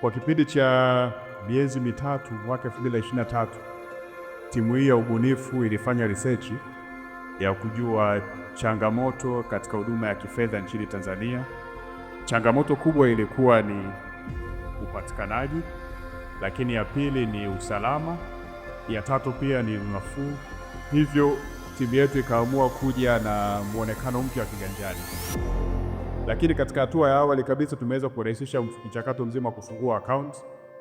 Kwa kipindi cha miezi mitatu mwaka 2023 timu hii ya ubunifu ilifanya research ya kujua changamoto katika huduma ya kifedha nchini Tanzania. Changamoto kubwa ilikuwa ni upatikanaji, lakini ya pili ni usalama, ya tatu pia ni unafuu. Hivyo timu yetu ikaamua kuja na mwonekano mpya wa kiganjani. Lakini katika hatua ya awali kabisa tumeweza kurahisisha mchakato mzima wa kufungua akaunti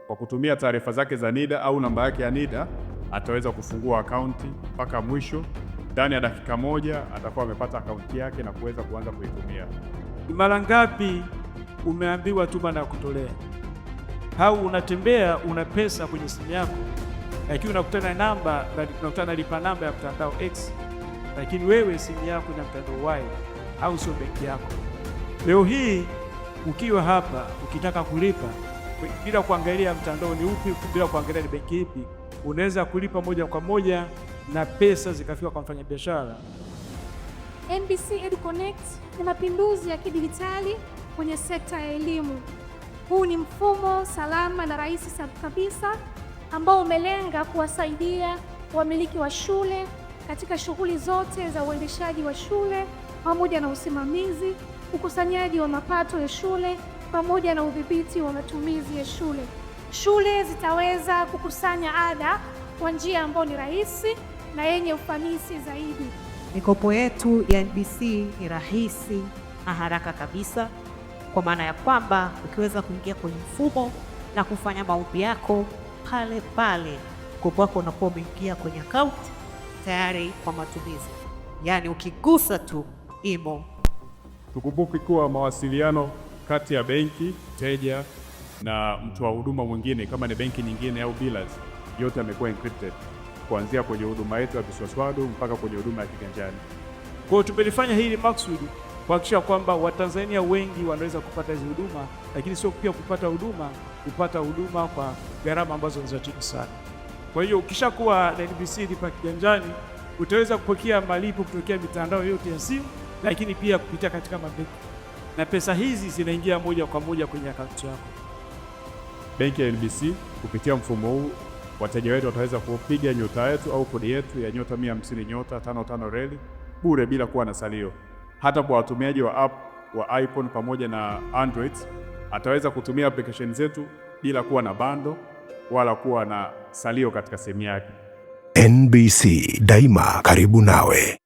kwa kutumia taarifa zake za NIDA au namba yake ya NIDA, ataweza kufungua akaunti mpaka mwisho. Ndani ya dakika moja atakuwa amepata akaunti yake na kuweza kuanza kuitumia. Mara ngapi umeambiwa tuma na kutolea, au unatembea una pesa kwenye simu yako, lakini unakutana namba, unakutana na lipa namba ya mtandao X, lakini wewe simu yako ina mtandao Y au sio benki yako. Leo hii ukiwa hapa ukitaka kulipa bila kuangalia mtandao ni upi, bila kuangalia ni benki ipi, unaweza kulipa moja kwa moja na pesa zikafika kwa mfanyabiashara. NBC EduConnect ni mapinduzi ya kidijitali kwenye sekta ya elimu. Huu ni mfumo salama na rahisi kabisa ambao umelenga kuwasaidia wamiliki wa shule katika shughuli zote za uendeshaji wa shule pamoja na usimamizi ukusanyaji wa mapato ya shule pamoja na udhibiti wa matumizi ya shule. Shule zitaweza kukusanya ada kwa njia ambayo ni rahisi na yenye ufanisi zaidi. Mikopo yetu ya NBC ni rahisi na haraka kabisa, kwa maana ya kwamba ukiweza kuingia kwenye mfumo na kufanya maombi yako pale pale, mkopo wako unakuwa umeingia kwenye akaunti tayari kwa matumizi, yaani ukigusa tu imo Tukumbuke kuwa mawasiliano kati ya benki, mteja na wa huduma mwingine, kama ni benki nyingine au billers, yote yamekuwa encrypted kuanzia kwenye huduma yetu ya viswaswadu mpaka kwenye huduma ya kiganjani. Kwa hiyo tumelifanya hili maksudi kuhakikisha kwamba Watanzania wengi wanaweza kupata hizi huduma, lakini sio pia kupata huduma, kupata huduma kwa gharama ambazo ni za chini sana. Kwa hiyo ukishakuwa na NBC lipa kiganjani, utaweza kupokea malipo kutokea mitandao yote ya simu lakini pia kupitia katika mabenki, na pesa hizi zinaingia moja kwa moja kwenye akaunti yako. Benki ya NBC kupitia mfumo huu wateja wetu wataweza kupiga nyota yetu au kodi yetu ya nyota 150 nyota 55 reli bure bila kuwa na salio. Hata kwa watumiaji wa app wa iPhone pamoja na Android ataweza kutumia application zetu bila kuwa na bando wala kuwa na salio katika sehemu yake. NBC daima karibu nawe.